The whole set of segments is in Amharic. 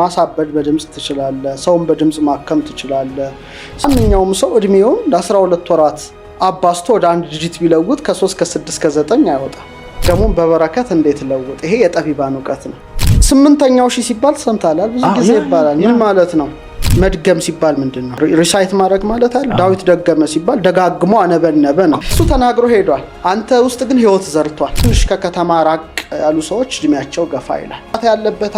ማሳበድ በድምፅ ትችላለ ሰውን በድምፅ ማከም ትችላለ ማንኛውም ሰው እድሜውን ለ12 ወራት አባስቶ ወደ አንድ ዲጂት ቢለውጥ ከ3 ከ6 ከ9 ደግሞ በበረከት እንዴት ለውጥ። ይሄ የጠቢባን እውቀት ነው። ስምንተኛው ሺህ ሲባል ሰምታላል። ብዙ ጊዜ ይባላል። ምን ማለት ነው? መድገም ሲባል ምንድን ነው? ሪሳይት ማድረግ ማለት አለ። ዳዊት ደገመ ሲባል ደጋግሞ አነበነበ ነው። እሱ ተናግሮ ሄዷል። አንተ ውስጥ ግን ህይወት ዘርቷል። ትንሽ ከከተማ ራቅ ያሉ ሰዎች እድሜያቸው ገፋ ይላል። ያለበት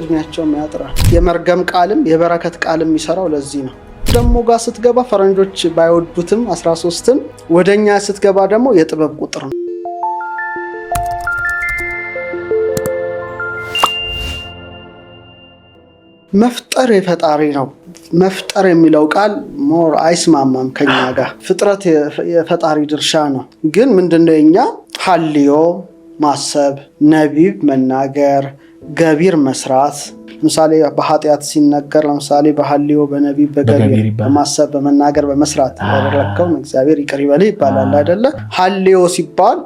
እድሜያቸው ያጥራል። የመርገም ቃልም የበረከት ቃልም የሚሰራው ለዚህ ነው። ደግሞ ጋር ስትገባ ፈረንጆች ባይወዱትም 13ም ወደኛ ስትገባ ደግሞ የጥበብ ቁጥር ነው። መፍጠር የፈጣሪ ነው። መፍጠር የሚለው ቃል ሞር አይስማማም ከኛ ጋር። ፍጥረት የፈጣሪ ድርሻ ነው። ግን ምንድነው የኛ ሀልዮ ማሰብ፣ ነቢብ መናገር፣ ገቢር መስራት ለምሳሌ በኃጢአት ሲነገር ለምሳሌ በሀልዮ በነቢብ በገቢር በማሰብ በመናገር በመስራት ያደረግከውን እግዚአብሔር ይቅር ይበልህ ይባላል አይደለ? ሀልዮ ሲባል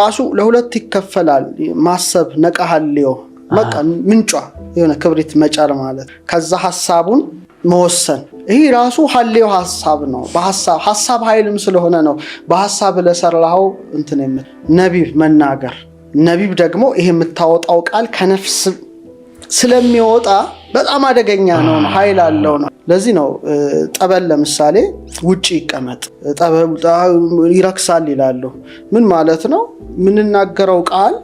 ራሱ ለሁለት ይከፈላል። ማሰብ ነቃ ሀልዮ በቃ ምንጯ የሆነ ክብሪት መጫር ማለት ከዛ ሀሳቡን መወሰን ይሄ ራሱ ሀሌው ሀሳብ ነው። በሀሳብ ሀሳብ ኃይልም ስለሆነ ነው። በሀሳብ ለሰራው እንትን ነቢብ መናገር ነቢብ ደግሞ ይሄ የምታወጣው ቃል ከነፍስ ስለሚወጣ በጣም አደገኛ ነው። ኃይል አለው ነው። ለዚህ ነው ጠበል ለምሳሌ ውጭ ይቀመጥ ይረክሳል ይላሉ። ምን ማለት ነው? የምንናገረው ቃል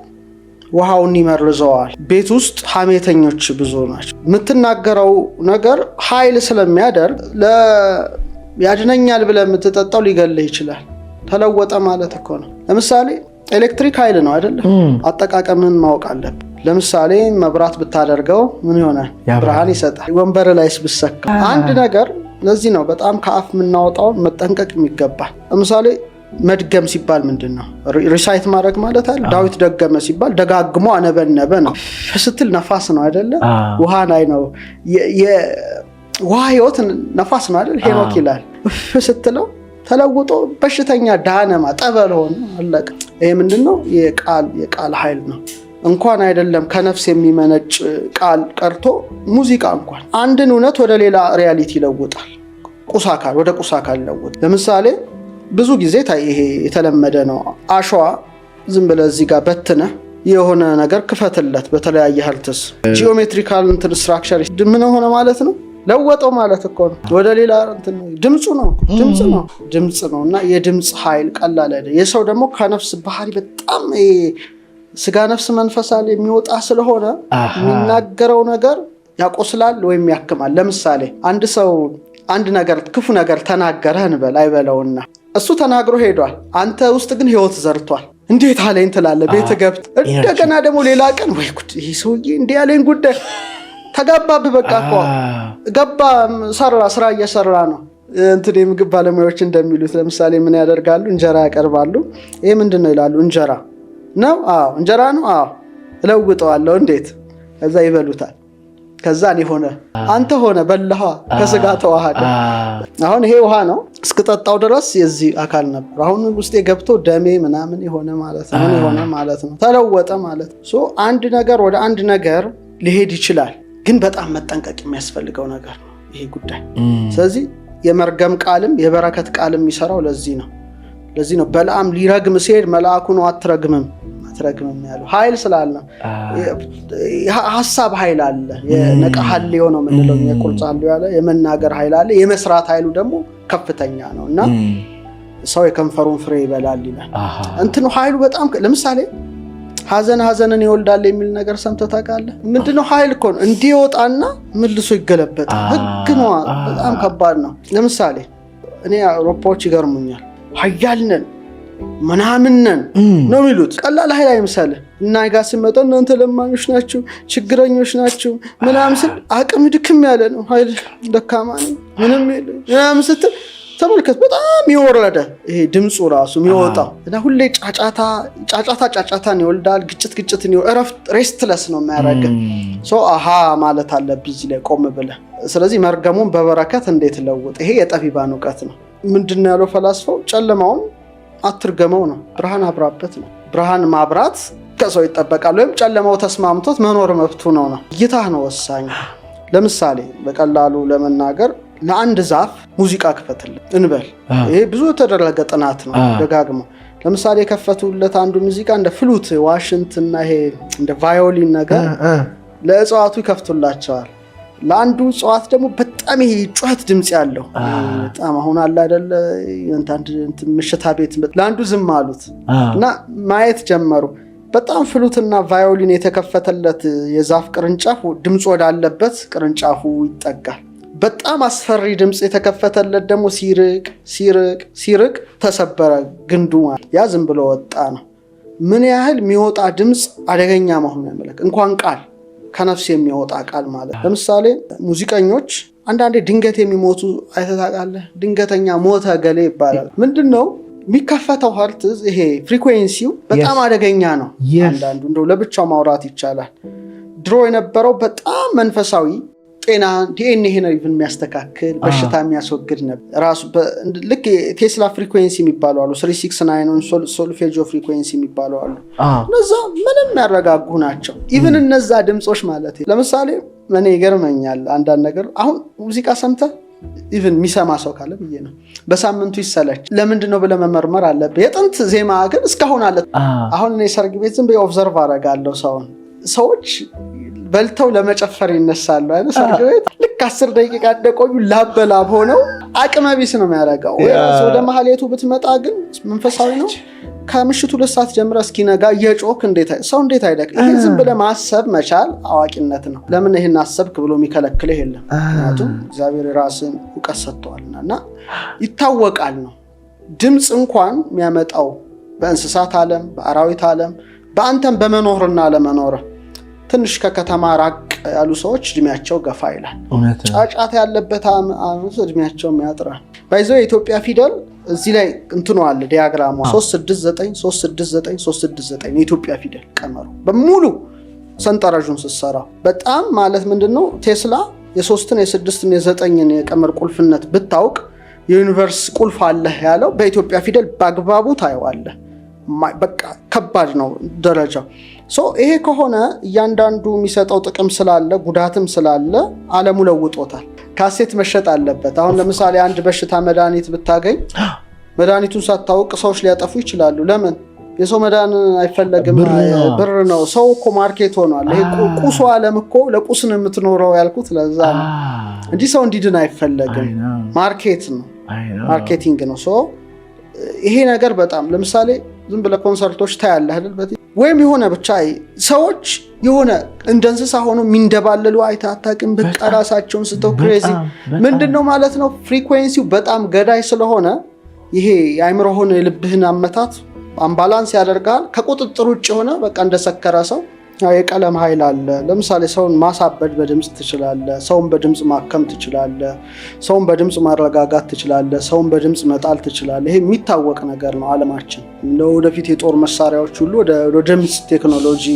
ውሃውን ይመርዘዋል። ቤት ውስጥ ሀሜተኞች ብዙ ናቸው። የምትናገረው ነገር ኃይል ስለሚያደርግ ያድነኛል ብለህ የምትጠጣው ሊገልህ ይችላል። ተለወጠ ማለት እኮ ነው። ለምሳሌ ኤሌክትሪክ ኃይል ነው አይደለም? አጠቃቀምን ማወቅ አለብ? ለምሳሌ መብራት ብታደርገው ምን ይሆናል? ብርሃን ይሰጣል። ወንበር ላይስ ብሰካ አንድ ነገር ለዚህ ነው በጣም ከአፍ የምናወጣው መጠንቀቅ የሚገባ ለምሳሌ መድገም ሲባል ምንድን ነው? ሪሳይት ማድረግ ማለት አለ። ዳዊት ደገመ ሲባል ደጋግሞ አነበነበ ነው። ስትል ነፋስ ነው አይደለ? ውሃ ላይ ነው ውሃ ህይወት ነፋስ ነው አይደል? ሄኖክ ይላል ስትለው ተለውጦ በሽተኛ ዳነማ ጠበል ሆነ አለቀ። ይሄ ምንድን ነው? የቃል ኃይል ነው። እንኳን አይደለም ከነፍስ የሚመነጭ ቃል ቀርቶ ሙዚቃ እንኳን አንድን እውነት ወደ ሌላ ሪያሊቲ ይለውጣል። ቁስ አካል ወደ ቁስ አካል ይለውጣል። ለምሳሌ ብዙ ጊዜ ይሄ የተለመደ ነው። አሸዋ ዝም ብለህ እዚህ ጋር በትነህ የሆነ ነገር ክፈትለት በተለያየ ህልትስ ጂኦሜትሪካል እንትን ስትራክቸር ምን ሆነ ማለት ነው ለወጠው ማለት እኮ ነው። ወደ ሌላ ድምፁ ነው ድምፅ ነው ድምፅ ነው እና የድምፅ ኃይል ቀላል አይደል። የሰው ደግሞ ከነፍስ ባህሪ በጣም ስጋ ነፍስ መንፈሳል የሚወጣ ስለሆነ የሚናገረው ነገር ያቆስላል ወይም ያክማል። ለምሳሌ አንድ ሰው አንድ ነገር ክፉ ነገር ተናገረ እንበል አይበለውና እሱ ተናግሮ ሄዷል። አንተ ውስጥ ግን ህይወት ዘርቷል። እንዴት አለኝ ትላለ ቤት ገብት እንደገና ደግሞ ሌላ ቀን ወይ ጉድ ይህ ሰውዬ እንዲህ ያለኝ ጉዳይ ተጋባ በቃ እኮ ገባ ሰራ ስራ እየሰራ ነው። እንትን የምግብ ባለሙያዎች እንደሚሉት ለምሳሌ ምን ያደርጋሉ? እንጀራ ያቀርባሉ። ይህ ምንድን ነው ይላሉ። እንጀራ ነው። አዎ እንጀራ ነው። አዎ እለውጠዋለሁ። እንዴት እዛ ይበሉታል። ከዛ እኔ ሆነ አንተ ሆነ በላኋ ከስጋ ተዋሃደ። አሁን ይሄ ውሃ ነው እስክጠጣው ድረስ የዚህ አካል ነበር። አሁን ውስጤ ገብቶ ደሜ ምናምን የሆነ ማለት ነው የሆነ ማለት ነው ተለወጠ ማለት ነው። አንድ ነገር ወደ አንድ ነገር ሊሄድ ይችላል፣ ግን በጣም መጠንቀቅ የሚያስፈልገው ነገር ነው ይሄ ጉዳይ። ስለዚህ የመርገም ቃልም የበረከት ቃልም የሚሰራው ለዚህ ነው። ለዚህ ነው በለዓም ሊረግም ሲሄድ መልአኩ ነው አትረግምም አትረግምም ያለው ሀይል ስላለ ሀሳብ ሀይል አለ። የነቃ ሀልዮ ነው የምንለው የቁልጽ ሀልዮ ያለ የመናገር ሀይል አለ። የመስራት ሀይሉ ደግሞ ከፍተኛ ነው እና ሰው የከንፈሩን ፍሬ ይበላል ይላል። እንትኑ ሀይሉ በጣም ለምሳሌ ሀዘን ሀዘንን ይወልዳል የሚል ነገር ሰምተህ ታውቃለህ? ምንድነው? ሀይል እኮ ነው። እንዲወጣና መልሶ ይገለበጣል። ህግ ነዋ። በጣም ከባድ ነው። ለምሳሌ እኔ አውሮፓዎች ይገርሙኛል። ሀያልነን ምናምን ነን ነው የሚሉት። ቀላል ኃይል አይምሳልህ እና ጋ ስመጣ እናንተ ለማኞች ናችሁ፣ ችግረኞች ናችሁ ምናምን ስል አቅም ድክም ያለ ነው ኃይል ደካማ ነው ምንም ምናምን ስትል ተመልከት በጣም የወረደ ይሄ ድምፁ ራሱ የሚወጣው እና ሁሌ ጫጫታ ጫጫታን ይወልዳል። ግጭት ግጭትን እረፍት ሬስትለስ ነው የሚያደርግህ ሰው አሃ ማለት አለብህ እዚህ ላይ ቆም ብለህ። ስለዚህ መርገሙን በበረከት እንዴት ለውጥ። ይሄ የጠቢባን እውቀት ነው። ምንድን ነው ያለው ፈላስፋው ጨለማውን አትርገመው ነው። ብርሃን አብራበት ነው። ብርሃን ማብራት ከሰው ይጠበቃል፣ ወይም ጨለማው ተስማምቶት መኖር መብቱ ነው ነው እይታህ ነው ወሳኝ። ለምሳሌ በቀላሉ ለመናገር ለአንድ ዛፍ ሙዚቃ ክፈትልን እንበል። ይሄ ብዙ የተደረገ ጥናት ነው። ደጋግመው ለምሳሌ የከፈቱለት አንዱ ሙዚቃ እንደ ፍሉት ዋሽንትና ይሄ እንደ ቫዮሊን ነገር ለእጽዋቱ ይከፍቱላቸዋል። ለአንዱ እጽዋት ደግሞ በጣም ይሄ ጩኸት ድምፅ ያለው በጣም አሁን አለ አይደለ ምሽታ ቤት ለአንዱ ዝም አሉት እና ማየት ጀመሩ። በጣም ፍሉትና ቫዮሊን የተከፈተለት የዛፍ ቅርንጫፍ ድምፅ ወዳለበት ቅርንጫፉ ይጠጋል። በጣም አስፈሪ ድምፅ የተከፈተለት ደግሞ ሲርቅ ሲርቅ ሲርቅ ተሰበረ ግንዱ። ያ ዝም ብሎ ወጣ ነው። ምን ያህል የሚወጣ ድምፅ አደገኛ መሆኑን ያመለክ እንኳን ቃል ከነፍስ የሚወጣ ቃል ማለት ለምሳሌ ሙዚቀኞች አንዳንዴ ድንገት የሚሞቱ አይተህ ድንገተኛ ሞተ ገሌ ይባላል። ምንድን ነው የሚከፈተው ሀርት ይሄ ፍሪኩዌንሲው በጣም አደገኛ ነው። አንዳንዱ እንደው ለብቻው ማውራት ይቻላል። ድሮ የነበረው በጣም መንፈሳዊ ጤና ዲኤንኤን ኢቭን የሚያስተካክል በሽታ የሚያስወግድ ነበር። ራሱ ልክ ቴስላ ፍሪኩዌንሲ የሚባሉ አሉ፣ ስሪ ሲክስ ናይን ሶልፌጆ ፍሪኩዌንሲ የሚባሉ አሉ። እነዛ ምንም ያረጋጉ ናቸው። ኢቭን እነዛ ድምፆች ማለት ለምሳሌ እኔ ይገርመኛል አንዳንድ ነገር አሁን ሙዚቃ ሰምተ ኢቭን የሚሰማ ሰው ካለ ብዬ ነው በሳምንቱ ይሰለች ለምንድን ነው ብለህ መመርመር አለብህ። የጥንት ዜማ ግን እስካሁን አለ። አሁን እኔ ሰርግ ቤት ዝም ብዬ ኦብዘርቭ አደርጋለሁ ሰውን ሰዎች በልተው ለመጨፈር ይነሳሉ። አይ ሰርግ ቤት ልክ አስር ደቂቃ እንደቆዩ ላበላብ ሆነው አቅመ ቢስ ነው የሚያደርገው። ወደ መሀሌቱ ብትመጣ ግን መንፈሳዊ ነው። ከምሽቱ ሁለት ሰዓት ጀምረ እስኪነጋ የጮክ ሰው እንዴት አይደቅ? ይሄ ዝም ብለህ ማሰብ መቻል አዋቂነት ነው። ለምን ይህን አሰብክ ብሎ የሚከለክልህ የለም። ምክንያቱም እግዚአብሔር የራስን እውቀት ሰጥተዋልና እና ይታወቃል ነው ድምፅ እንኳን የሚያመጣው በእንስሳት ዓለም፣ በአራዊት ዓለም፣ በአንተም በመኖርና ለመኖርህ ትንሽ ከከተማ ራቅ ያሉ ሰዎች እድሜያቸው ገፋ ይላል። ጫጫት ያለበት እድሜያቸው እድሜያቸውም ያጥራል። ባይዘው የኢትዮጵያ ፊደል እዚህ ላይ እንትኑ አለ ዲያግራሙ 369 የኢትዮጵያ ፊደል ቀመሩ በሙሉ ሰንጠረዡን ስትሰራው በጣም ማለት ምንድን ነው ቴስላ የሶስትን የስድስትን የዘጠኝን የቀመር ቁልፍነት ብታውቅ የዩኒቨርስ ቁልፍ አለህ ያለው በኢትዮጵያ ፊደል በአግባቡ ታየዋለህ። በቃ ከባድ ነው ደረጃው። ይሄ ከሆነ እያንዳንዱ የሚሰጠው ጥቅም ስላለ ጉዳትም ስላለ አለሙ ለውጦታል። ካሴት መሸጥ አለበት። አሁን ለምሳሌ አንድ በሽታ መድኃኒት ብታገኝ መድኃኒቱን ሳታውቅ ሰዎች ሊያጠፉ ይችላሉ። ለምን? የሰው መዳን አይፈለግም፣ ብር ነው። ሰው እኮ ማርኬት ሆኗል። ይሄ ቁሱ አለም እኮ ለቁስ የምትኖረው ያልኩት ለዛ ነው እንጂ ሰው እንዲድን አይፈለግም። ማርኬት ነው፣ ማርኬቲንግ ነው። ይሄ ነገር በጣም ለምሳሌ ዝም ብለህ ኮንሰርቶች ታያለህ አይደል ወይም የሆነ ብቻ ሰዎች የሆነ እንደ እንስሳ ሆኖ የሚንደባለሉ አይተ አታውቅም። በቃ ራሳቸውን ስተው ክሬዚ ምንድን ነው ማለት ነው። ፍሪኩዌንሲው በጣም ገዳይ ስለሆነ ይሄ የአእምሮ የልብህን አመታት አምባላንስ ያደርጋል። ከቁጥጥር ውጭ የሆነ በቃ እንደሰከረ ሰው የቀለም ኃይል አለ። ለምሳሌ ሰውን ማሳበድ በድምፅ ትችላለ ሰውን በድምፅ ማከም ትችላለ ሰውን በድምፅ ማረጋጋት ትችላለ ሰውን በድምፅ መጣል ትችላለ ይሄ የሚታወቅ ነገር ነው። አለማችን ወደፊት የጦር መሳሪያዎች ሁሉ ወደ ድምፅ ቴክኖሎጂ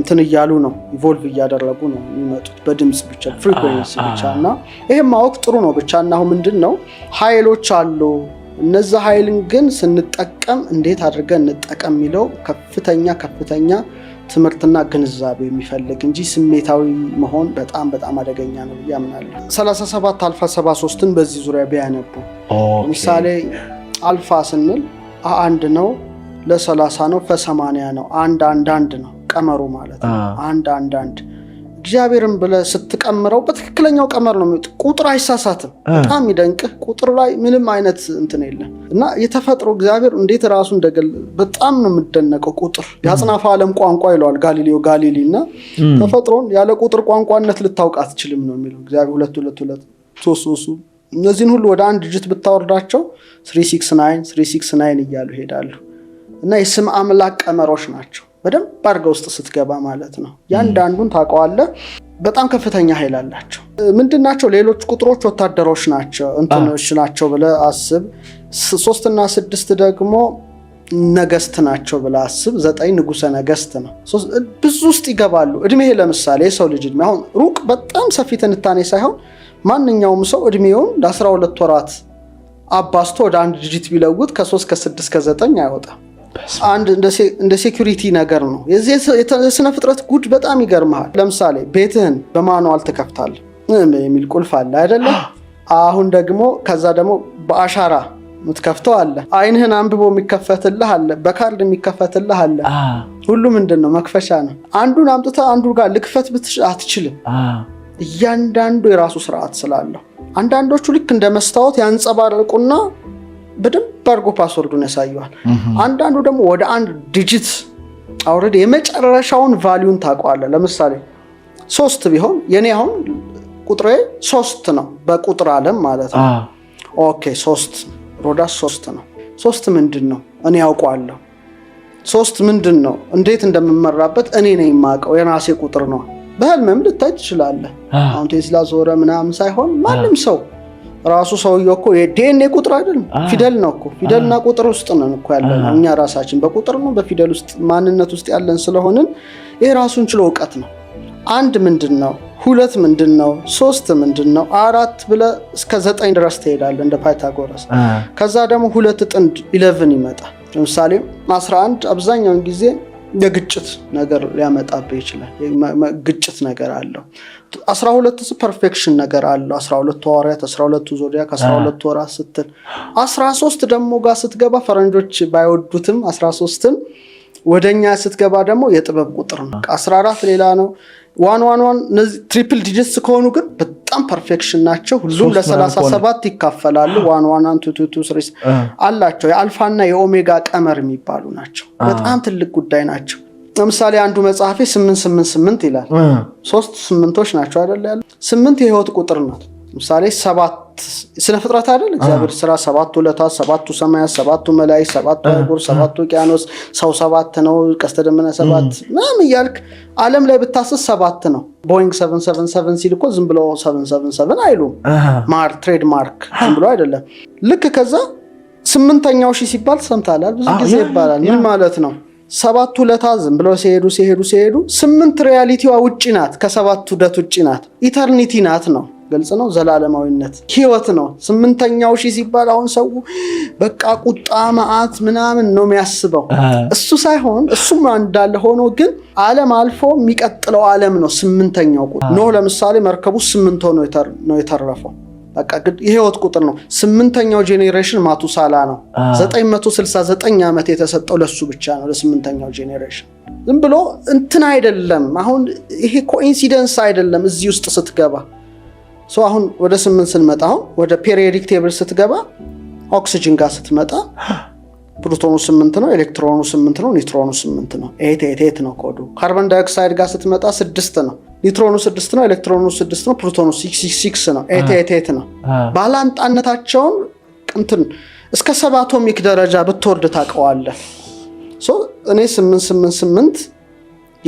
እንትን እያሉ ነው፣ ኢቮልቭ እያደረጉ ነው የሚመጡት በድምፅ ብቻ ፍሪኩዌንሲ ብቻ እና ይህም ማወቅ ጥሩ ነው። ብቻ እና አሁን ምንድን ነው ኃይሎች አሉ እነዛ ኃይልን ግን ስንጠቀም እንዴት አድርገን እንጠቀም የሚለው ከፍተኛ ከፍተኛ ትምህርትና ግንዛቤ የሚፈልግ እንጂ ስሜታዊ መሆን በጣም በጣም አደገኛ ነው ብዬ አምናለሁ። 37 አልፋ 73ን በዚህ ዙሪያ ቢያነቡ ምሳሌ አልፋ ስንል አንድ ነው ለሰላሳ ነው ፈሰማንያ ነው አንድ አንድ አንድ ነው ቀመሩ ማለት ነው። አንድ አንድ አንድ እግዚአብሔርን ብለህ ስትቀምረው በትክክለኛው ቀመር ነው። ቁጥር አይሳሳትም። በጣም ይደንቅህ። ቁጥር ላይ ምንም አይነት እንትን የለም እና የተፈጥሮ እግዚአብሔር እንዴት ራሱ እንደገለ በጣም ነው የምደነቀው። ቁጥር የአጽናፈ ዓለም ቋንቋ ይለዋል ጋሊሌዮ ጋሊሊ እና ተፈጥሮን ያለ ቁጥር ቋንቋነት ልታውቅ አትችልም ነው የሚለው እግዚአብሔር። ሁለት ሁለት ሁለት ሶስት ሶስቱ እነዚህን ሁሉ ወደ አንድ እጅት ብታወርዳቸው ስሪ ሲክስ ናይን ስሪ ሲክስ ናይን እያሉ ይሄዳሉ እና የስም አምላክ ቀመሮች ናቸው። በደንብ አድርገ ውስጥ ስትገባ ማለት ነው። ያንዳንዱን ታቀዋለ በጣም ከፍተኛ ኃይል አላቸው። ምንድን ናቸው? ሌሎች ቁጥሮች ወታደሮች ናቸው እንትኖች ናቸው ብለ አስብ። ሶስትና ስድስት ደግሞ ነገስት ናቸው ብለ አስብ። ዘጠኝ ንጉሰ ነገስት ነው። ብዙ ውስጥ ይገባሉ። እድሜ ለምሳሌ የሰው ልጅ እድሜ አሁን ሩቅ በጣም ሰፊ ትንታኔ ሳይሆን ማንኛውም ሰው እድሜውን ለ12 ወራት አባስቶ ወደ አንድ ድጅት ቢለውጥ ከ3 ከ6 ከ9 አይወጣም። አንድ እንደ ሴኩሪቲ ነገር ነው። የዚህ የስነ ፍጥረት ጉድ በጣም ይገርመሃል። ለምሳሌ ቤትህን በማኑዋል ትከፍታለህ የሚል ቁልፍ አለ አይደለም? አሁን ደግሞ ከዛ ደግሞ በአሻራ የምትከፍተው አለ። አይንህን አንብቦ የሚከፈትልህ አለ። በካርድ የሚከፈትልህ አለ። ሁሉ ምንድን ነው መክፈቻ ነው። አንዱን አምጥተህ አንዱ ጋር ልክፈት አትችልም። እያንዳንዱ የራሱ ስርዓት ስላለው አንዳንዶቹ ልክ እንደ መስታወት ያንጸባርቁና በደንብ አድርጎ ፓስወርዱን ያሳየዋል። አንዳንዱ ደግሞ ወደ አንድ ዲጂት አውረድ የመጨረሻውን ቫሊዩን ታውቀዋለህ። ለምሳሌ ሶስት ቢሆን የኔ አሁን ቁጥሬ ሶስት ነው፣ በቁጥር አለም ማለት ነው። ኦኬ ሶስት ሮዳስ ሶስት ነው። ሶስት ምንድን ነው? እኔ ያውቀዋለሁ። ሶስት ምንድን ነው? እንዴት እንደምመራበት እኔ ነው የማውቀው። የራሴ ቁጥር ነው። በህልምም ልታይ ትችላለህ። አሁን ቴስላ ዞረ ምናምን ሳይሆን ማንም ሰው ራሱ ሰውዬው እኮ የዲኤንኤ ቁጥር አይደለም፣ ፊደል ነው እኮ ፊደልና ቁጥር ውስጥ ነን እኮ ያለን እኛ ራሳችን በቁጥር ነው በፊደል ውስጥ ማንነት ውስጥ ያለን ስለሆንን ይህ ራሱን ችሎ እውቀት ነው። አንድ ምንድን ነው፣ ሁለት ምንድን ነው፣ ሶስት ምንድን ነው፣ አራት ብለ እስከ ዘጠኝ ድረስ ትሄዳለ እንደ ፓይታጎረስ። ከዛ ደግሞ ሁለት ጥንድ ኢለቭን ይመጣል። ለምሳሌ 11 አብዛኛውን ጊዜ የግጭት ነገር ሊያመጣብህ ይችላል። ግጭት ነገር አለው። አስራ ሁለት ፐርፌክሽን ነገር አለው። አስራ ሁለቱ ሐዋርያት፣ አስራ ሁለቱ ዞዲያክ፣ አስራ ሁለቱ ወራት ስትል አስራ ሶስት ደግሞ ጋር ስትገባ ፈረንጆች ባይወዱትም አስራ ሶስትን ወደኛ ስትገባ ደግሞ የጥበብ ቁጥር ነው። አስራ አራት ሌላ ነው። ዋን ዋን ዋን እነዚህ ትሪፕል ዲጅስ ከሆኑ ግን በጣም ፐርፌክሽን ናቸው። ሁሉም ለሰላሳ ሰባት ይካፈላሉ። ዋን ዋን ቱ አላቸው። የአልፋና የኦሜጋ ቀመር የሚባሉ ናቸው። በጣም ትልቅ ጉዳይ ናቸው። ለምሳሌ አንዱ መጽሐፌ ስምንት ስምንት ስምንት ይላል። ሶስት ስምንቶች ናቸው አይደለ? ያለ ስምንት የህይወት ቁጥር ነው ለምሳሌ ሰባት ስነ ፍጥረት አይደል? እግዚአብሔር ስራ ሰባቱ ለታ ሰባቱ ሰማያት፣ ሰባቱ መላይ ሰባቱ አህጉር፣ ሰባቱ ውቅያኖስ፣ ሰው ሰባት ነው፣ ቀስተ ደመነ ሰባት ምናምን እያልክ አለም ላይ ብታስስ ሰባት ነው። ቦይንግ 777 ሲል እኮ ዝም ብሎ 777 አይሉም። ማር ትሬድ ማርክ ዝም ብሎ አይደለም። ልክ ከዛ ስምንተኛው ሺህ ሲባል ሰምታላል፣ ብዙ ጊዜ ይባላል። ምን ማለት ነው? ሰባቱ ዕለታት ዝም ብለው ሲሄዱ ሲሄዱ ሲሄዱ ስምንት ሪያሊቲዋ ውጭ ናት፣ ከሰባቱ ደት ውጭ ናት፣ ኢተርኒቲ ናት ነው ግልጽ ነው። ዘላለማዊነት ህይወት ነው። ስምንተኛው ሺህ ሲባል አሁን ሰው በቃ ቁጣ መዓት ምናምን ነው የሚያስበው። እሱ ሳይሆን እሱም እንዳለ ሆኖ ግን ዓለም አልፎ የሚቀጥለው ዓለም ነው ስምንተኛው ቁጥር ኖህ ለምሳሌ መርከቡ ስምንት ነው የተረፈው። በቃ የህይወት ቁጥር ነው። ስምንተኛው ጄኔሬሽን ማቱሳላ ነው። 969 ዓመት የተሰጠው ለሱ ብቻ ነው ለስምንተኛው ጄኔሬሽን። ዝም ብሎ እንትን አይደለም። አሁን ይሄ ኮኢንሲደንስ አይደለም እዚህ ውስጥ ስትገባ ሶ አሁን ወደ ስምንት ስንመጣ አሁን ወደ ፔሪዮዲክ ቴብል ስትገባ ኦክሲጅን ጋር ስትመጣ ፕሮቶኑ ስምንት ነው፣ ኤሌክትሮኑ ስምንት ነው፣ ኒትሮኑ ስምንት ነው። ኤት ኤት ኤት ነው ኮዱ። ካርቦን ዳይኦክሳይድ ጋር ስትመጣ ስድስት ነው፣ ኒትሮኑ ስድስት ነው፣ ኤሌክትሮኑ ስድስት ነው፣ ፕሮቶኑ ሲክስ ነው። ኤት ኤት ኤት ነው። ባላንጣነታቸውን ቅንትን እስከ ሰብ አቶሚክ ደረጃ ብትወርድ ታውቀዋለህ። እኔ ስምንት ስምንት ስምንት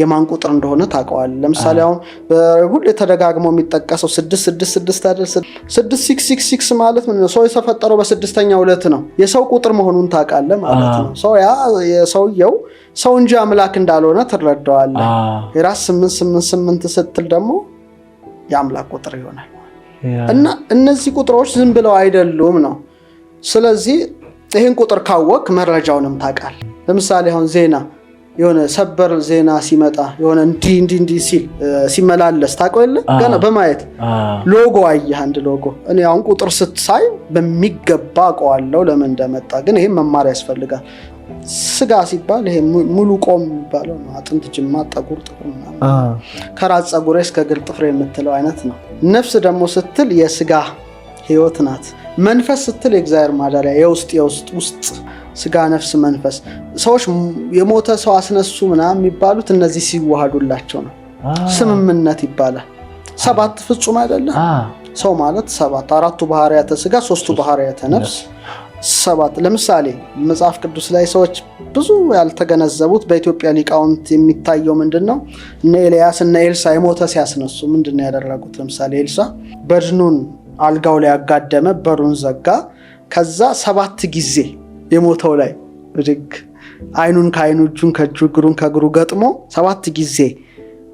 የማን ቁጥር እንደሆነ ታውቀዋል። ለምሳሌ አሁን ሁሌ ተደጋግመው የሚጠቀሰው ስድስት ማለት ምን ነው? ሰው የተፈጠረው በስድስተኛ ዕለት ነው። የሰው ቁጥር መሆኑን ታውቃለህ ማለት ነው። ሰው ያ የሰውየው ሰው እንጂ አምላክ እንዳልሆነ ትረዳዋለ። የራስ ስምንት ስምንት ስምንት ስትል ደግሞ የአምላክ ቁጥር ይሆናል። እና እነዚህ ቁጥሮች ዝም ብለው አይደሉም ነው። ስለዚህ ይህን ቁጥር ካወቅ መረጃውንም ታውቃለህ። ለምሳሌ አሁን ዜና የሆነ ሰበር ዜና ሲመጣ የሆነ እንዲህ እንዲህ እንዲህ ሲል ሲመላለስ ታውቀው የለ ገና በማየት ሎጎ አየህ፣ አንድ ሎጎ እኔ አሁን ቁጥር ስትሳይ በሚገባ አውቀዋለሁ ለምን እንደመጣ ግን ይህም መማር ያስፈልጋል። ስጋ ሲባል ይሄ ሙሉ ቆም የሚባለው ነው። አጥንት፣ ጅማ ጠጉር ጥቁር ከራስ ፀጉሬ እስከ እግር ጥፍሬ የምትለው አይነት ነው። ነፍስ ደግሞ ስትል የስጋ ህይወት ናት። መንፈስ ስትል የእግዚአብሔር ማደሪያ የውስጥ የውስጥ ውስጥ ስጋ፣ ነፍስ፣ መንፈስ ሰዎች የሞተ ሰው አስነሱ ምናምን የሚባሉት እነዚህ ሲዋሃዱላቸው ነው። ስምምነት ይባላል። ሰባት ፍጹም አይደለም ሰው ማለት ሰባት አራቱ ባህርያተ ስጋ፣ ሶስቱ ባህርያተ ነፍስ ሰባት። ለምሳሌ መጽሐፍ ቅዱስ ላይ ሰዎች ብዙ ያልተገነዘቡት በኢትዮጵያ ሊቃውንት የሚታየው ምንድን ነው? እነ ኤልያስ እና ኤልሳ የሞተ ሲያስነሱ ምንድን ነው ያደረጉት? ለምሳሌ ኤልሳ በድኑን አልጋው ላይ ያጋደመ፣ በሩን ዘጋ። ከዛ ሰባት ጊዜ የሞተው ላይ ብድግ አይኑን ከአይኑ እጁን ከእጁ እግሩን ከእግሩ ገጥሞ ሰባት ጊዜ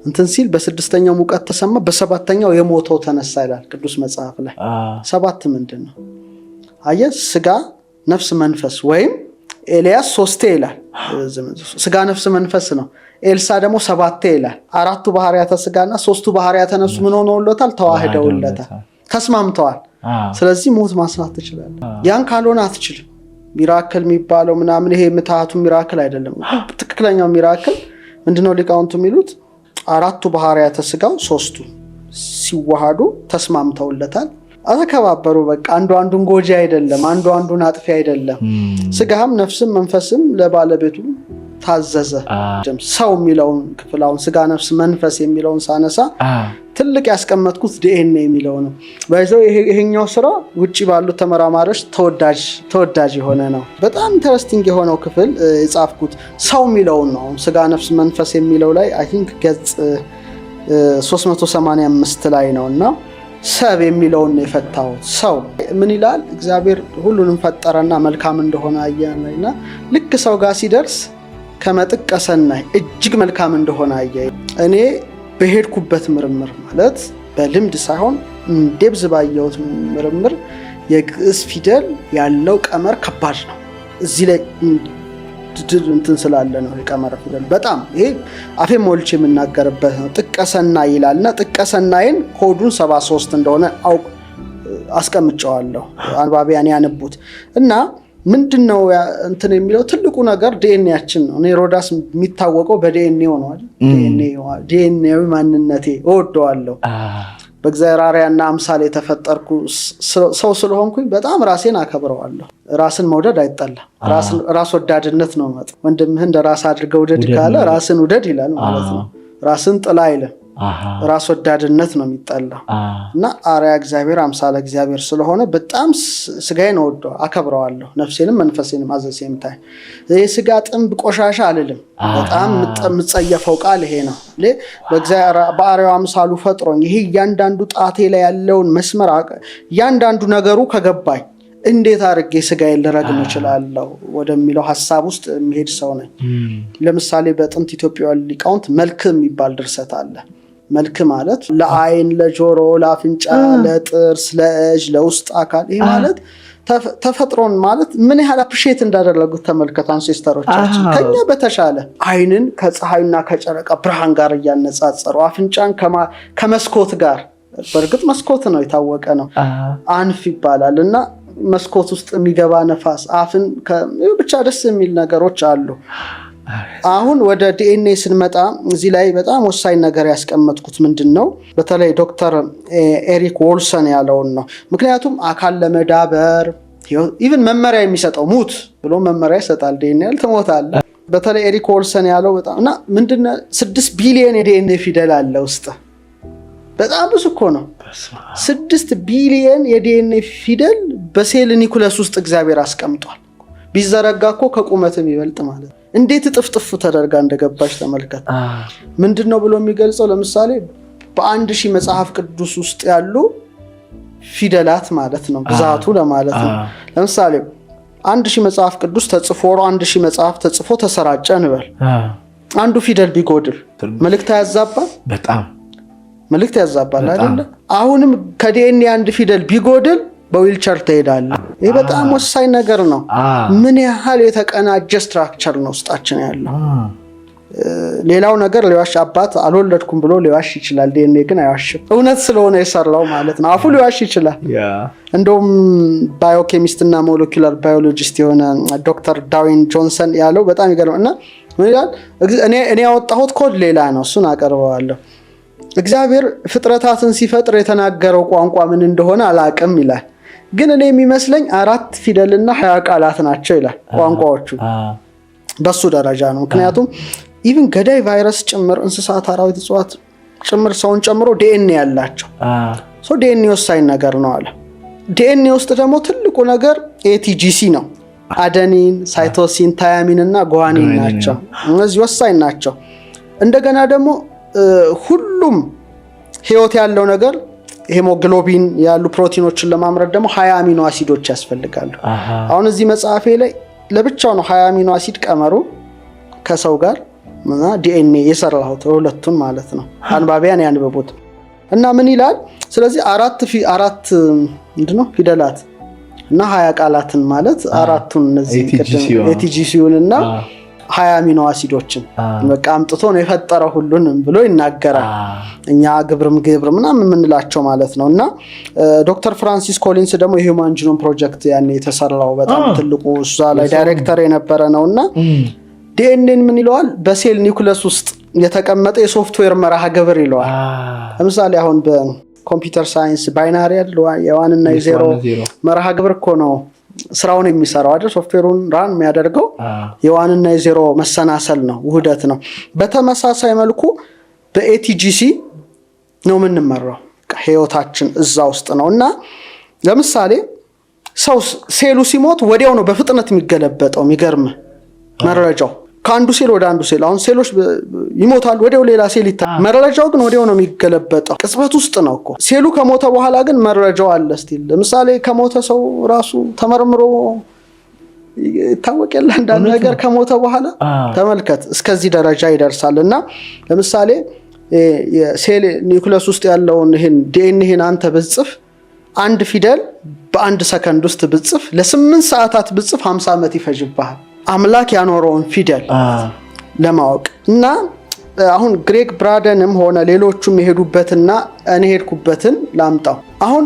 እንትን ሲል በስድስተኛው ሙቀት ተሰማ፣ በሰባተኛው የሞተው ተነሳ ይላል ቅዱስ መጽሐፍ ላይ። ሰባት ምንድን ነው? አየ ስጋ ነፍስ መንፈስ ወይም ኤልያስ ሶስቴ ይላል። ስጋ ነፍስ መንፈስ ነው። ኤልሳ ደግሞ ሰባቴ ይላል። አራቱ ባህርያተ ስጋና ሶስቱ ባህርያተ ነፍስ ምን ሆነውለታል? ተዋህደውለታል። ተስማምተዋል። ስለዚህ ሞት ማስናት ትችላለ። ያን ካልሆነ አትችልም። ሚራክል የሚባለው ምናምን ይሄ ምትሃቱ ሚራክል አይደለም። ትክክለኛው ሚራክል ምንድነው ሊቃውንቱ የሚሉት? አራቱ ባህርያተ ስጋው ሶስቱ ሲዋሃዱ ተስማምተውለታል። አተከባበሩ በቃ አንዱ አንዱን ጎጂ አይደለም፣ አንዱ አንዱን አጥፊ አይደለም። ስጋህም ነፍስም መንፈስም ለባለቤቱ ታዘዘ። ሰው የሚለውን ክፍል አሁን ስጋ፣ ነፍስ፣ መንፈስ የሚለውን ሳነሳ ትልቅ ያስቀመጥኩት ዲኤንኤ የሚለው ነው። በይዘው ይሄኛው ስራ ውጭ ባሉት ተመራማሪዎች ተወዳጅ የሆነ ነው። በጣም ኢንተረስቲንግ የሆነው ክፍል የጻፍኩት ሰው የሚለውን ነው። ስጋ፣ ነፍስ፣ መንፈስ የሚለው ላይ አይ ቲንክ ገጽ 385 ላይ ነው እና ሰብ የሚለውን ነው የፈታሁት። ሰው ምን ይላል? እግዚአብሔር ሁሉንም ፈጠረና መልካም እንደሆነ አየና ልክ ሰው ጋር ሲደርስ ከመጥቀ እጅግ መልካም እንደሆነ አየ እኔ በሄድኩበት ምርምር ማለት በልምድ ሳይሆን እንዴብዝ ባየሁት ምርምር የግዕዝ ፊደል ያለው ቀመር ከባድ ነው። እዚህ ላይ እንትን ስላለ ነው የቀመር ፊደል በጣም ይሄ አፌ ሞልች የምናገርበት ነው። ጥቀሰናይ ይላልና ጥቀሰናይን ኮዱን 73 እንደሆነ አውቅ አስቀምጨዋለሁ። አንባቢያን ያንቡት እና ምንድን ነው እንትን የሚለው ትልቁ ነገር ዲኤንኤያችን ነው። እኔ ሮዳስ የሚታወቀው በዲኤንኤው ነው። ዲኤንኤዊ ማንነቴ እወደዋለሁ። በእግዚአብሔር አርአያና አምሳል የተፈጠርኩ ሰው ስለሆንኩኝ በጣም ራሴን አከብረዋለሁ። ራስን መውደድ አይጠላም። ራስ ወዳድነት ነው መጥ ወንድምህን እንደ ራስ ውደድ ካለ ራስን ውደድ ይላል ማለት ነው። ራስን ጥላ አይልም። ራስ ወዳድነት ነው የሚጠላው እና አርያ እግዚአብሔር አምሳለ እግዚአብሔር ስለሆነ በጣም ስጋዬን ወዶ አከብረዋለሁ። ነፍሴንም መንፈሴንም አዘሴም ታይ የስጋ ጥንብ ቆሻሻ አልልም። በጣም የምጸየፈው ቃል ይሄ ነው። በአርያው አምሳሉ ፈጥሮኝ ይሄ እያንዳንዱ ጣቴ ላይ ያለውን መስመር እያንዳንዱ ነገሩ ከገባኝ እንዴት አድርጌ ስጋዬን ልረግም እችላለሁ ወደሚለው ሀሳብ ውስጥ የሚሄድ ሰው ነኝ። ለምሳሌ በጥንት ኢትዮጵያ ሊቃውንት መልክ የሚባል ድርሰት አለ። መልክ ማለት ለአይን፣ ለጆሮ፣ ለአፍንጫ፣ ለጥርስ፣ ለእጅ፣ ለውስጥ አካል ይህ ማለት ተፈጥሮን ማለት ምን ያህል አፕሪሼት እንዳደረጉት ተመልከቱ። አንሴስተሮቻችን ከኛ በተሻለ አይንን ከፀሐይና ከጨረቃ ብርሃን ጋር እያነጻጸሩ፣ አፍንጫን ከመስኮት ጋር በእርግጥ መስኮት ነው የታወቀ ነው አንፍ ይባላል እና መስኮት ውስጥ የሚገባ ነፋስ፣ አፍን ብቻ ደስ የሚል ነገሮች አሉ። አሁን ወደ ዲኤንኤ ስንመጣ እዚህ ላይ በጣም ወሳኝ ነገር ያስቀመጥኩት ምንድን ነው፣ በተለይ ዶክተር ኤሪክ ዎልሰን ያለውን ነው። ምክንያቱም አካል ለመዳበር ኢቨን መመሪያ የሚሰጠው ሙት ብሎ መመሪያ ይሰጣል። ዲኤንኤ ትሞታለህ። በተለይ ኤሪክ ዎልሰን ያለው በጣም እና ምንድን ስድስት ቢሊየን የዲኤንኤ ፊደል አለ ውስጥ በጣም ብዙ እኮ ነው። ስድስት ቢሊየን የዲኤንኤ ፊደል በሴል ኒኩለስ ውስጥ እግዚአብሔር አስቀምጧል። ቢዘረጋ እኮ ከቁመትም ይበልጥ ማለት ነው። እንዴት እጥፍጥፍ ተደርጋ እንደገባች ተመልከት። ምንድን ነው ብሎ የሚገልጸው? ለምሳሌ በአንድ ሺህ መጽሐፍ ቅዱስ ውስጥ ያሉ ፊደላት ማለት ነው፣ ብዛቱ ለማለት ነው። ለምሳሌ አንድ ሺህ መጽሐፍ ቅዱስ ተጽፎ አንድ ሺህ መጽሐፍ ተጽፎ ተሰራጨ እንበል። አንዱ ፊደል ቢጎድል መልእክት ያዛባል፣ በጣም መልእክት ያዛባል አይደለ? አሁንም ከዲኤንኤ አንድ ፊደል ቢጎድል በዊልቸር ትሄዳለ ይህ በጣም ወሳኝ ነገር ነው። ምን ያህል የተቀናጀ ስትራክቸር ነው ውስጣችን ያለው። ሌላው ነገር ሊዋሽ አባት አልወለድኩም ብሎ ሊዋሽ ይችላል። ዲኤንኤ ግን አይዋሽም። እውነት ስለሆነ የሰራው ማለት ነው። አፉ ሊዋሽ ይችላል። እንደውም ባዮኬሚስትና ሞለኪላር ባዮሎጂስት የሆነ ዶክተር ዳዊን ጆንሰን ያለው በጣም ይገርም እና ምን ይላል? እኔ ያወጣሁት ኮድ ሌላ ነው፣ እሱን አቀርበዋለሁ። እግዚአብሔር ፍጥረታትን ሲፈጥር የተናገረው ቋንቋ ምን እንደሆነ አላቅም ይላል ግን እኔ የሚመስለኝ አራት ፊደልና ሀያ ቃላት ናቸው ይላል ቋንቋዎቹ በሱ ደረጃ ነው። ምክንያቱም ኢቭን ገዳይ ቫይረስ ጭምር እንስሳት፣ አራዊት፣ እጽዋት ጭምር ሰውን ጨምሮ ዲኤንኤ ያላቸው ዲኤንኤ ወሳኝ ነገር ነው አለ። ዲኤንኤ ውስጥ ደግሞ ትልቁ ነገር ኤቲጂሲ ነው። አደኒን፣ ሳይቶሲን፣ ታያሚን እና ጓኒን ናቸው። እነዚህ ወሳኝ ናቸው። እንደገና ደግሞ ሁሉም ህይወት ያለው ነገር ሄሞግሎቢን ያሉ ፕሮቲኖችን ለማምረት ደግሞ ሀያ አሚኖ አሲዶች ያስፈልጋሉ። አሁን እዚህ መጽሐፌ ላይ ለብቻው ነው ሀያ አሚኖ አሲድ ቀመሩ ከሰው ጋር እና ዲኤንኤ የሰራሁት ሁለቱን ማለት ነው። አንባቢያን ያንብቡት እና ምን ይላል? ስለዚህ አራት አራት ምንድን ፊደላት እና ሀያ ቃላትን ማለት አራቱን እነዚህ እና ሀያ አሚኖ አሲዶችን በቃ አምጥቶ ነው የፈጠረው ሁሉንም ብሎ ይናገራል። እኛ ግብርም ግብር ምናምን የምንላቸው ማለት ነው። እና ዶክተር ፍራንሲስ ኮሊንስ ደግሞ የሂውማን ጂኖም ፕሮጀክት ያኔ የተሰራው በጣም ትልቁ እዛ ላይ ዳይሬክተር የነበረ ነው እና ዲኤንኤን ምን ይለዋል በሴል ኒኩለስ ውስጥ የተቀመጠ የሶፍትዌር መርሃ ግብር ይለዋል። ለምሳሌ አሁን በኮምፒውተር ሳይንስ ባይናሪ የዋንና የዜሮ መርሃ ግብር እኮ ነው ስራውን የሚሰራው አይደል? ሶፍትዌሩን ራን የሚያደርገው የዋንና የዜሮ መሰናሰል ነው፣ ውህደት ነው። በተመሳሳይ መልኩ በኤቲጂሲ ነው የምንመራው። ህይወታችን እዛ ውስጥ ነው እና ለምሳሌ ሰው ሴሉ ሲሞት ወዲያው ነው በፍጥነት የሚገለበጠው። የሚገርም መረጃው ከአንዱ ሴል ወደ አንዱ ሴል አሁን ሴሎች ይሞታሉ፣ ወዲያው ሌላ ሴል ይታ መረጃው ግን ወዲያው ነው የሚገለበጠው። ቅጽበት ውስጥ ነው እኮ ሴሉ ከሞተ በኋላ ግን መረጃው አለ ስቲል። ለምሳሌ ከሞተ ሰው ራሱ ተመርምሮ ይታወቅ የለ አንዳንድ ነገር ከሞተ በኋላ ተመልከት፣ እስከዚህ ደረጃ ይደርሳል። እና ለምሳሌ ሴል ኒውክለስ ውስጥ ያለውን ይህን ዲኤንኤን አንተ ብጽፍ አንድ ፊደል በአንድ ሰከንድ ውስጥ ብጽፍ ለስምንት ሰዓታት ብጽፍ ሀምሳ ዓመት ይፈጅብሃል። አምላክ ያኖረውን ፊደል ለማወቅ እና አሁን ግሬግ ብራደንም ሆነ ሌሎቹም የሄዱበትና እኔ ሄድኩበትን ላምጣው። አሁን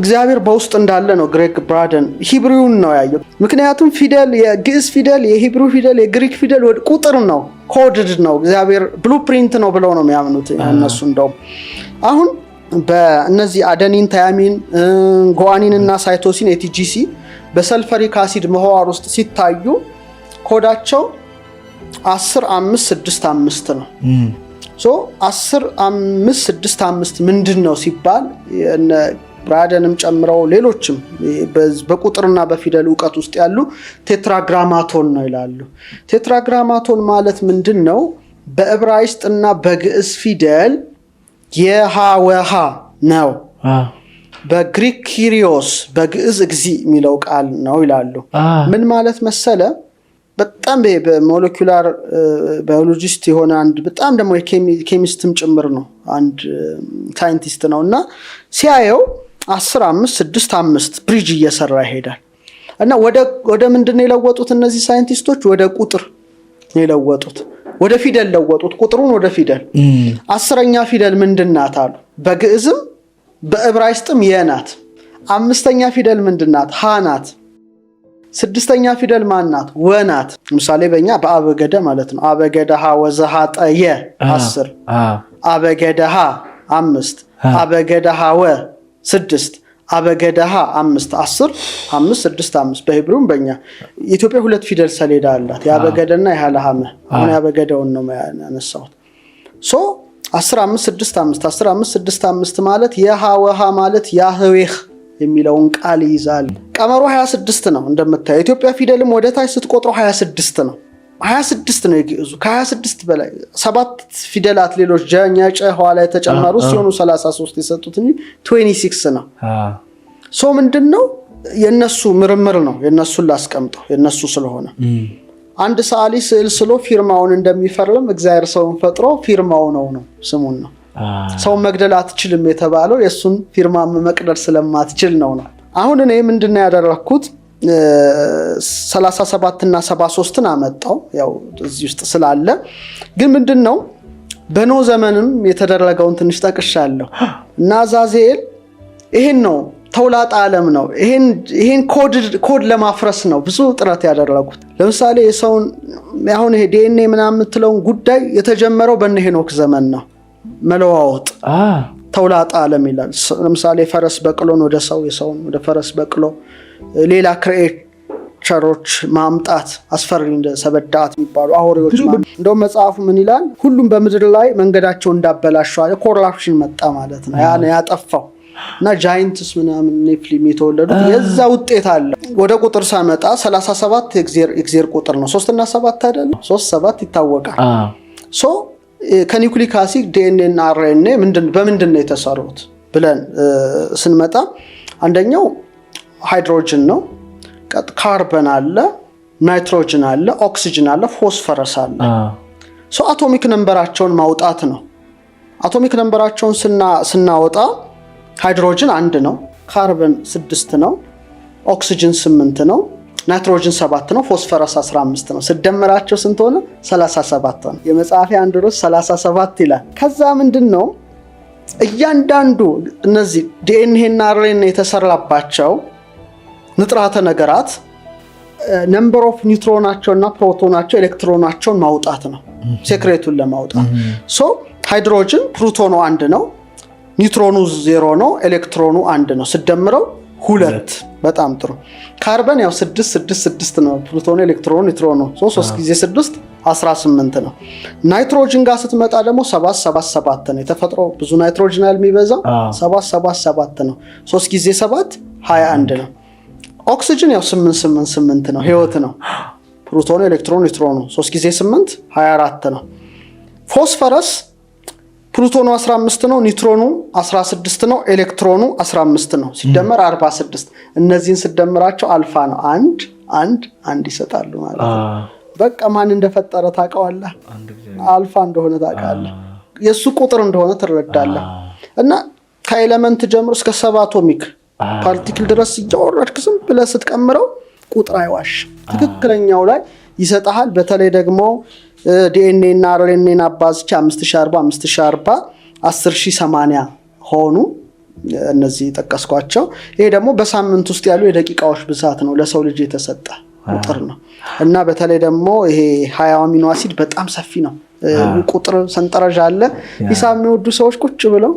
እግዚአብሔር በውስጥ እንዳለ ነው። ግሬግ ብራደን ሂብሪውን ነው ያየው። ምክንያቱም ፊደል፣ የግዕዝ ፊደል፣ የሂብሩ ፊደል፣ የግሪክ ፊደል ቁጥር ነው፣ ኮድድ ነው፣ እግዚአብሔር ብሉፕሪንት ነው ብለው ነው የሚያምኑት እነሱ። እንደውም አሁን በእነዚህ አደኒን፣ ታያሚን፣ ጎአኒን እና ሳይቶሲን ኤቲጂሲ በሰልፈሪክ አሲድ ምህዋር ውስጥ ሲታዩ ኮዳቸው 10565 ነው። 10565 ምንድን ነው ሲባል ብራደንም ጨምረው ሌሎችም በቁጥርና በፊደል እውቀት ውስጥ ያሉ ቴትራግራማቶን ነው ይላሉ። ቴትራግራማቶን ማለት ምንድን ነው? እና በግዕዝ ፊደል የሃ ወሃ ነው። በግሪክ ኪሪዮስ፣ በግዕዝ እግዚ የሚለው ቃል ነው ይላሉ። ምን ማለት መሰለ በጣም በሞለኪላር ባዮሎጂስት የሆነ አንድ በጣም ደግሞ የኬሚስትም ጭምር ነው አንድ ሳይንቲስት ነው እና ሲያየው አስር አምስት ስድስት አምስት ብሪጅ እየሰራ ይሄዳል እና ወደ ምንድን የለወጡት እነዚህ ሳይንቲስቶች ወደ ቁጥር የለወጡት ወደ ፊደል ለወጡት ቁጥሩን ወደ ፊደል አስረኛ ፊደል ምንድናት አሉ በግዕዝም በእብራይስጥም የናት አምስተኛ ፊደል ምንድናት ሃ ናት ስድስተኛ ፊደል ማናት? ወናት። ምሳሌ በእኛ በአበገደ ማለት ነው። አበገደሃ ወዘሃ ጠየ አስር አበገደሃ አምስት አበገደሃ ወ ስድስት አበገደሃ አምስት አስር አምስት ስድስት አምስት በሂብሩም በእኛ ኢትዮጵያ ሁለት ፊደል ሰሌዳ አላት፣ የአበገደና የሀለሃመ። አሁን ያበገደውን ነው ያነሳሁት። ሶ አስር አምስት ስድስት አምስት አስር አምስት ስድስት አምስት ማለት የሃ ወሃ ማለት ያህዌህ የሚለውን ቃል ይይዛል። ቀመሩ 26 ነው እንደምታየው። ኢትዮጵያ ፊደልም ወደ ታች ስትቆጥረው 26 ነው። 26 ነው የግዕዙ። ከ26 በላይ ሰባት ፊደላት ሌሎች ጀኛ ጨ ኋላ የተጨመሩ ሲሆኑ 33 የሰጡት 26 ነው። ሶ ምንድን ነው የእነሱ ምርምር ነው። የእነሱን ላስቀምጠው የእነሱ ስለሆነ አንድ ሰዓሊ ስዕል ስሎ ፊርማውን እንደሚፈርም እግዚአብሔር ሰውን ፈጥሮ ፊርማው ነው ነው ስሙን ነው ሰውን መግደል አትችልም የተባለው የእሱን ፊርማ መቅደር ስለማትችል ነው ነው። አሁን እኔ ምንድነው ያደረግኩት? 37 እና 73ን አመጣው ያው እዚህ ውስጥ ስላለ ግን ምንድን ነው በኖ ዘመንም የተደረገውን ትንሽ ጠቅሻለሁ እና ዛዜኤል ይሄን ነው ተውላጣ ዓለም ነው። ይሄን ኮድ ለማፍረስ ነው ብዙ ጥረት ያደረጉት። ለምሳሌ የሰውን አሁን ይሄ ዲኤንኤ ምናምን የምትለውን ጉዳይ የተጀመረው በነ ሄኖክ ዘመን ነው። መለዋወጥ ተውላጣ ዓለም ይላል። ለምሳሌ ፈረስ በቅሎን ወደ ሰው የሰውን ወደ ፈረስ በቅሎ ሌላ ክሬቸሮች ማምጣት አስፈሪ እንደ ሰበዳት የሚባሉ አውሬዎች። እንደውም መጽሐፉ ምን ይላል? ሁሉም በምድር ላይ መንገዳቸው እንዳበላሸዋል። ኮራፕሽን መጣ ማለት ነው ያጠፋው እና ጃይንትስ ምናምን ኔፍሊም የተወለዱት የዛ ውጤት አለ። ወደ ቁጥር ሳመጣ 37 የእግዜር ቁጥር ነው። ሶስትና ሰባት አይደለም ሶስት ሰባት ይታወቃል ከኒኩሊክ አሲድ ዲኤንኤ እና አርኤንኤ በምንድን ነው የተሰሩት ብለን ስንመጣ አንደኛው ሃይድሮጅን ነው፣ ካርበን አለ፣ ናይትሮጅን አለ፣ ኦክሲጅን አለ፣ ፎስፈረስ አለ። ሰው አቶሚክ ነንበራቸውን ማውጣት ነው። አቶሚክ ነንበራቸውን ስናወጣ ሃይድሮጅን አንድ ነው፣ ካርበን ስድስት ነው፣ ኦክሲጅን ስምንት ነው ናይትሮጅን 7 ነው፣ ፎስፈረስ 15 ነው። ስደምራቸው ስንት ሆነ? 37 ነው። የመጽሐፊ አንድ ሮዝ 37 ይላል። ከዛ ምንድን ነው እያንዳንዱ እነዚህ ዲኤንኤ እና አርኤንኤ የተሰራባቸው ንጥራተ ነገራት ነምበር ኦፍ ኒውትሮናቸውና ፕሮቶናቸው ኤሌክትሮናቸውን ማውጣት ነው፣ ሴክሬቱን ለማውጣት ሶ ሃይድሮጅን ፕሩቶኑ አንድ ነው፣ ኒውትሮኑ ዜሮ ነው፣ ኤሌክትሮኑ አንድ ነው። ስደምረው ሁለት በጣም ጥሩ። ካርበን ያው ስድስት ስድስት ስድስት ነው። ፕሉቶን፣ ኤሌክትሮን፣ ኒትሮን ነው። ሶስት ሶስት ጊዜ ስድስት አስራ ስምንት ነው። ናይትሮጅን ጋር ስትመጣ ደግሞ ሰባት ሰባት ሰባት ነው። የተፈጥሮ ብዙ ናይትሮጅን ያህል የሚበዛው ሰባት ሰባት ሰባት ነው። ሶስት ጊዜ ሰባት ሀያ አንድ ነው። ኦክሲጅን ያው ስምንት ስምንት ስምንት ነው። ህይወት ነው። ፕሩቶን ኤሌክትሮን፣ ኒትሮን ነው። ሶስት ጊዜ ስምንት ሀያ አራት ነው። ፎስፈረስ ፕሩቶኑ 15 ነው፣ ኒውትሮኑ 16 ነው፣ ኤሌክትሮኑ 15 ነው፣ ሲደመር 46። እነዚህን ስደምራቸው አልፋ ነው። አንድ አንድ አንድ ይሰጣሉ ማለት ነው። በቃ ማን እንደፈጠረ ታውቀዋለህ። አልፋ እንደሆነ ታውቃለህ። የእሱ ቁጥር እንደሆነ ትረዳለህ። እና ከኤለመንት ጀምሮ እስከ ሰብ አቶሚክ ፓርቲክል ድረስ እያወረድክ ዝም ብለህ ስትቀምረው ቁጥር አይዋሽ ትክክለኛው ላይ ይሰጠሃል። በተለይ ደግሞ ዲኤንኤ እና አርኤንኤን አባዝቼ አስር ሺ 10080 ሆኑ። እነዚህ ጠቀስኳቸው። ይሄ ደግሞ በሳምንት ውስጥ ያሉ የደቂቃዎች ብዛት ነው፣ ለሰው ልጅ የተሰጠ ቁጥር ነው እና በተለይ ደግሞ ይሄ ሀያ አሚኖ አሲድ በጣም ሰፊ ነው። ቁጥር ሰንጠረዥ አለ። ሂሳብ የሚወዱ ሰዎች ቁጭ ብለው